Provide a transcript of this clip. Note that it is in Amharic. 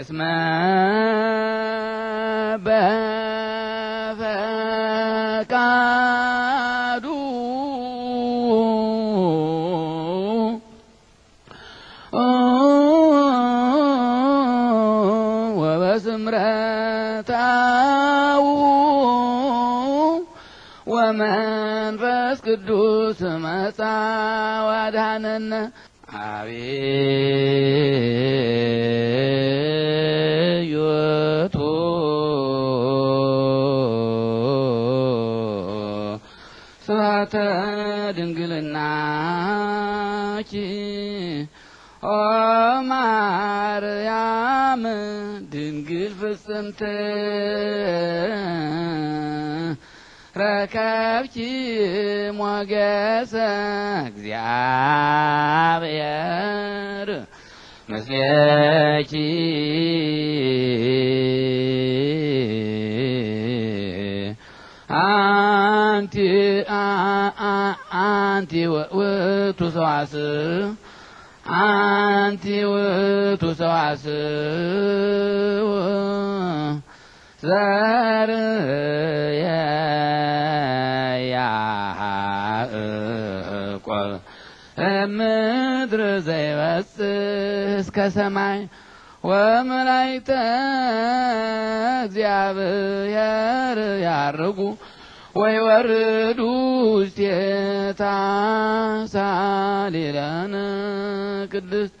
እስመ በፈቃዱ ወበስምረታው ወመንፈስ ቅዱስ መጻ ዋድሃነነ አቤት ስብሐተ ድንግልናኪ ኦ ማርያም ድንግል ፍጽምት ረከብች ሞገሰ እግዚአብሔር ምስሌኪ አ አንቲ አንቲ ውእቱ ሰዋስው አንቲ ውእቱ ሰዋስው ዘርእየ ያዕቆብ እምድር ዘይበጽሕ እስከ ሰማይ ወመላእክተ እግዚአብሔር ያርጉ ወይ ወርዱ ውስቴታ ሳሊላነ ቅድስት